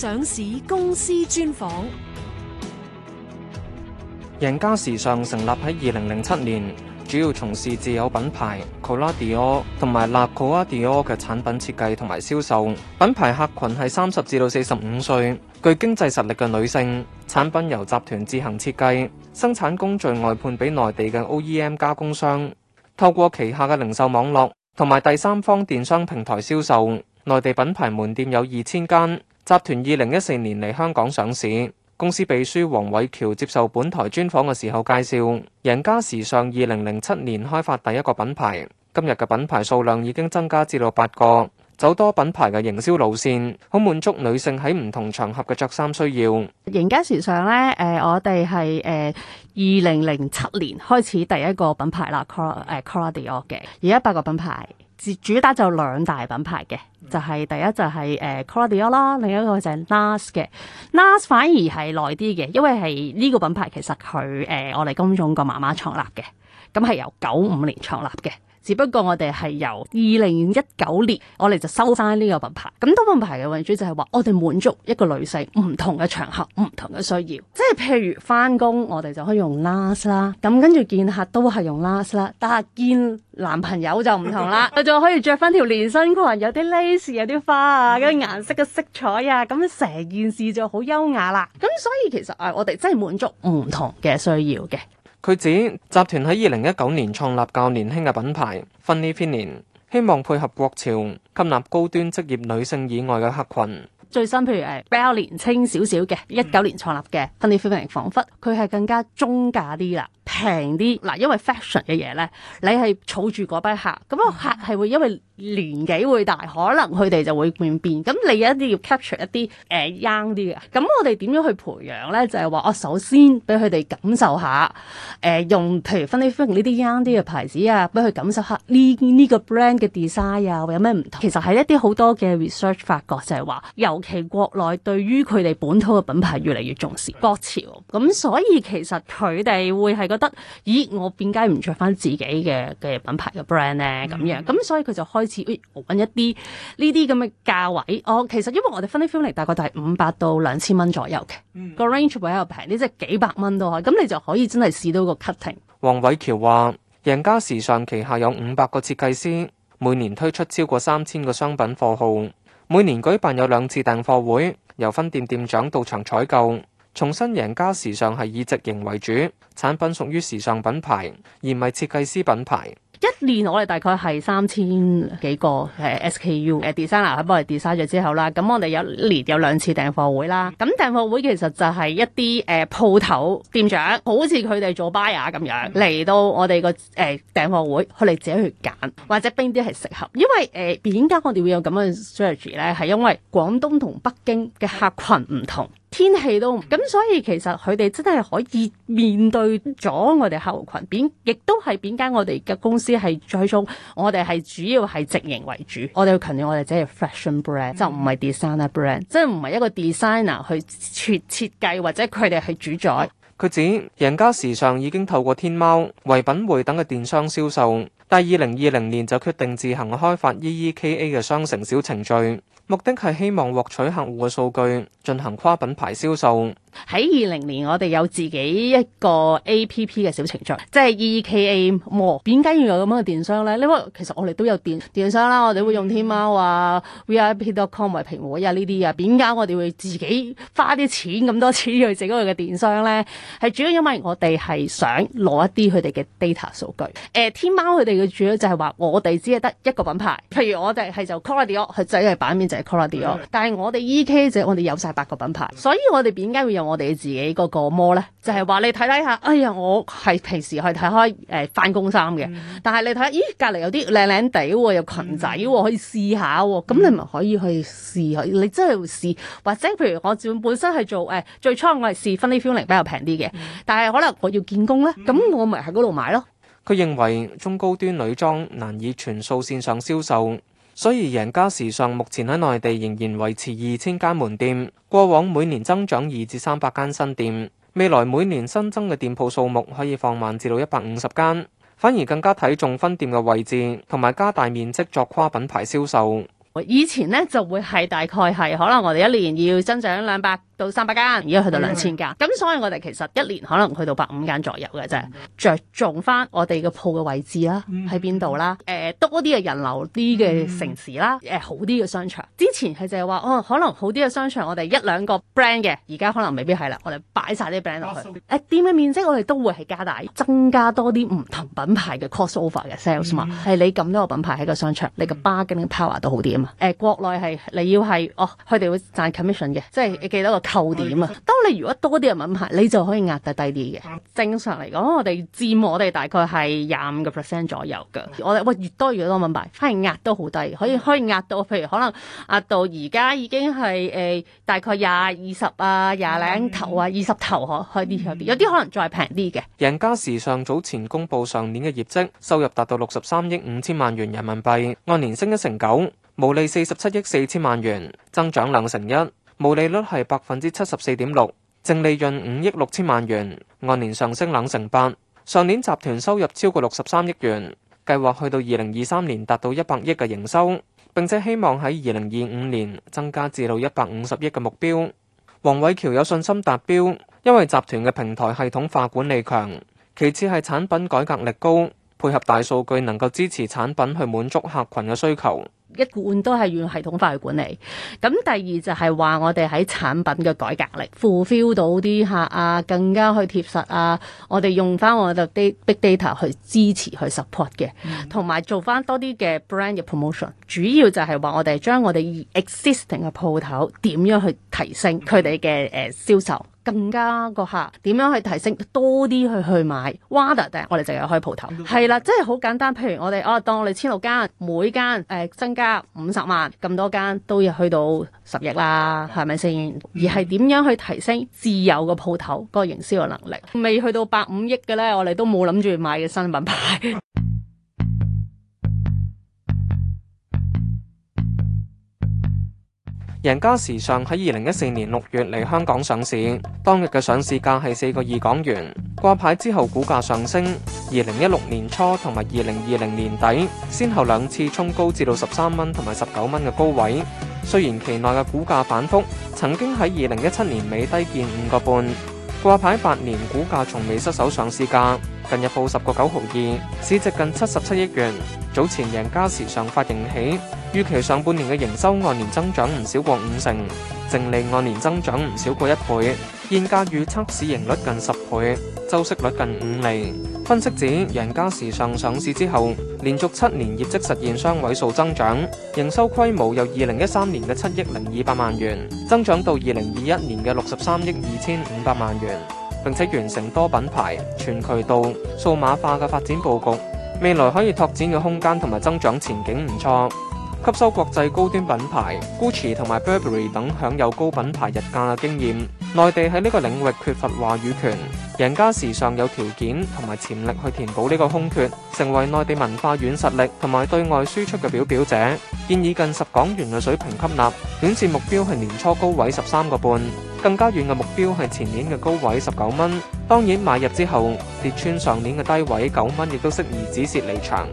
上市公司專訪。贏家時尚成立喺二零零七年，主要從事自有品牌 KORADIOR 同埋 LA KORADIOR 嘅產品設計同埋銷售。品牌客群係三十至到四十五歲具經濟實力嘅女性。產品由集團自行設計，生產工序外判俾內地嘅 OEM 加工商。透過旗下嘅零售網絡同埋第三方電商平台銷售，內地品牌門店有二千間。集團二零一四年嚟香港上市，公司秘書黃煒喬接受本台專訪嘅時候介紹，贏家時尚二零零七年開發第一個品牌，今日嘅品牌數量已經增加至到八個，走多品牌嘅營銷路線，好滿足女性喺唔同場合嘅着衫需要。贏家時尚呢，誒、呃，我哋係誒二零零七年開始第一個品牌啦，KORADIOR、呃、KORADIOR 嘅，而家八個品牌，主打就兩大品牌嘅。就係第一就係誒 KORADIOR 啦，uh, KORADIOR, 另一個就係 NARS 嘅 NARS 反而係耐啲嘅，因為係呢個品牌其實佢誒、uh, 我哋公眾個媽媽創立嘅，咁係由九五年創立嘅。只不過我哋係由二零一九年我哋就收翻呢個品牌。咁多品牌嘅為主就係話我哋滿足一個女性唔同嘅場合唔同嘅需要，即係譬如翻工我哋就可以用 NARS 啦，咁跟住見客都係用 NARS 啦，但係見男朋友就唔同啦，佢仲 可以着翻條連身裙有啲呢～有啲花啊，啲顏色嘅色彩啊，咁樣成件事就好優雅啦。咁所以其實啊，我哋真係滿足唔同嘅需要嘅。佢指集團喺二零一九年創立較年輕嘅品牌芬尼斐年，希望配合國潮，吸納高端職業女性以外嘅客群。最新譬如誒比較年青少少嘅，一九年創立嘅芬尼斐年仿佛，佢係更加中價啲啦。平啲嗱，因為 fashion 嘅嘢咧，你係儲住嗰班客，咁個客係會因為年紀會大，可能佢哋就會變變，咁你一定要 capture 一啲誒 young 啲嘅。咁、呃、我哋點樣去培養咧？就係、是、話我首先俾佢哋感受下，誒、呃、用譬如 fashion 呢啲 young 啲嘅牌子啊，俾佢感受下呢呢、這個 brand 嘅 design 啊，會有咩唔同。其實係一啲好多嘅 research 發覺就係話尤其國內對於佢哋本土嘅品牌越嚟越重視國潮。咁所以其實佢哋會係個。得咦，我點解唔着翻自己嘅嘅品牌嘅 brand 呢？咁、mm hmm. 樣咁，所以佢就開始揾、哎、一啲呢啲咁嘅價位。哦，其實因為我哋 Funny f 分店 n 嚟大概都係五百到兩千蚊左右嘅，mm hmm. 個 range 位又平，啲即係幾百蚊都可以。咁你就可以真係試到個 cutting。黃煒喬話：贏家時尚旗下有五百個設計師，每年推出超過三千個商品貨號，每年舉辦有兩次訂貨會，由分店店長到場採購。重新贏家時尚係以直營為主，產品屬於時尚品牌，而唔係設計師品牌。一年我哋大概係三千幾個誒 SKU，誒 designer 喺幫我哋 design 咗之後啦，咁我哋有一年有兩次訂貨會啦。咁訂貨會其實就係一啲誒鋪頭店長，好似佢哋做 buyer 咁樣嚟到我哋個誒訂貨會，佢哋自己去揀或者邊啲係適合。因為誒點解我哋會有咁嘅 strategy 咧？係因為廣東同北京嘅客群唔同。天氣都唔咁，所以其實佢哋真係可以面對咗我哋客戶群，點亦都係點解我哋嘅公司係最終？我哋係主要係直營為主，我哋強調我哋即係 fashion brand，就唔係 designer brand，即係唔係一個 designer 去設設計或者佢哋係主宰。佢指，贏家時尚已經透過天貓、唯品會等嘅電商銷售，但係2020年就決定自行開發 EEKA 嘅商城小程序。目的係希望獲取客戶嘅數據，進行跨品牌銷售。喺二零年我哋有自己一個 A P P 嘅小程序，即係 E K A，哦。點解要有咁樣嘅電商咧？因為其實我哋都有電電商啦，我哋會用天貓啊、V I P dot com 為平和啊呢啲啊。點解，啊、我哋會自己花啲錢咁多錢去整佢嘅電商咧？係主要因為我哋係想攞一啲佢哋嘅 data 數據。誒，呃，天貓佢哋嘅主要就係話我哋只係得一個品牌，譬如我哋係就 Koradior，佢仔係版面就係 Koradior。但係我哋 E K 者，就係，我哋有晒八個品牌，所以我哋點解會有。我哋自己嗰個模咧，就係話你睇睇下，哎 呀，我係平時係睇開誒返工衫嘅，但係你睇，咦，隔離有啲靚靚地喎，有裙仔喎，可以試下喎，咁你咪可以去試下，你真係會試，或者譬如我本本身係做誒，最初我係試芬尼菲尼比較平啲嘅，但係可能我要見工咧，咁我咪喺嗰度買咯。佢認為中高端女裝難以全數線上銷售。所以，贏家時尚目前喺內地仍然維持二千間門店，過往每年增長二至三百間新店，未來每年新增嘅店鋪數目可以放慢至到一百五十間，反而更加睇重分店嘅位置，同埋加大面積作跨品牌銷售。以前咧就會係大概係可能我哋一年要增長兩百到三百間，而家去到兩千間。咁是所以我哋其實一年可能去到百五間左右嘅啫。着是重翻我哋嘅鋪嘅位置啦，喺邊度啦？誒、呃、多一啲嘅人流啲嘅城市啦，誒、嗯啊、好啲嘅商場。之前係就係話哦，可能好啲嘅商場我哋一兩個 brand 嘅，而家可能未必係啦。我哋擺晒啲 brand 落去。誒、嗯、店嘅面積我哋都會係加大，增加多啲唔同品牌嘅 crossover 嘅 sales 嘛。係你咁多個品牌喺個商場，你嘅 bargaining power 都好啲。誒、呃，國內係你要係哦，佢哋會賺 commission 嘅，即係你記得個扣點啊。當你如果多啲嘅品牌，你就可以壓得低啲嘅。正常嚟講，我哋占我哋大概係廿五個 percent 左右嘅。我哋喂，越多越多品牌，反而壓都好低，可以可以壓到，譬如可能壓到而家已經係誒、呃、大概廿二十啊廿零頭啊二十頭可開啲開啲，有啲可能再平啲嘅。贏家時尚早前公布上年嘅業績收入達到六十三億五千萬元人民幣，按年升一成九。毛利四十七億四千萬元，增長兩成一，毛利率係百分之七十四點六，淨利潤五億六千萬元，按年上升兩成八。上年集團收入超過六十三億元，計劃去到二零二三年達到一百億嘅營收，並且希望喺二零二五年增加至到一百五十億嘅目標。黃煒喬有信心達標，因為集團嘅平台系統化管理強，其次係產品改革力高，配合大數據能夠支持產品去滿足客群嘅需求。一貫都係要系統化去管理。咁第二就係話我哋喺產品嘅改革力，fulfill 到啲客啊，更加去貼實啊。我哋用翻我哋啲 big data 去支持去 support 嘅，同埋、嗯、做翻多啲嘅 brand 嘅 promotion。主要就係話我哋將我哋 existing 嘅鋪頭點樣去提升佢哋嘅誒銷售。嗯 更加個客點樣去提升多啲去去買 water 定係我哋淨係有開鋪頭係啦，真係好簡單。譬如我哋我、啊、當我哋千六間每間誒、呃、增加五十萬咁多間都要去到十億啦，係咪先？ 而係點樣去提升自有個鋪頭個營銷嘅能力？未去到百五億嘅呢，我哋都冇諗住買嘅新品牌。 贏家時尚喺二零一四年六月嚟香港上市，當日嘅上市價係四個二港元。掛牌之後股價上升，二零一六年初同埋二零二零年底，先後兩次衝高至到十三蚊同埋十九蚊嘅高位。雖然期內嘅股價反覆，曾經喺二零一七年尾低見五個半。掛牌八年，股價從未失守上市價。近日報十個九毫二，市值近七十七億元。早前贏家時尚發盈喜，預期上半年嘅營收按年增長唔少過五成，淨利按年增長唔少過一倍。現價預測市盈率近十倍，周息率近五厘。分析指，贏家時尚上市之後，連續七年業績實現雙位數增長，營收規模由二零一三年嘅七億零二百萬元，增長到二零二一年嘅六十三億二千五百萬元。並且完成多品牌、全渠道、數碼化嘅發展佈局，未來可以拓展嘅空間同埋增長前景唔錯。吸收國際高端品牌 Gucci 同埋 Burberry 等享有高品牌日價嘅經驗，內地喺呢個領域缺乏話語權，贏家時尚有條件同埋潛力去填補呢個空缺，成為內地文化軟實力同埋對外輸出嘅表表者。建議近十港元嘅水平吸納，短線目標係年初高位十三個半。更加遠嘅目標係前年嘅高位十九蚊，當然買入之後跌穿上年嘅低位九蚊，亦都適宜止蝕離場。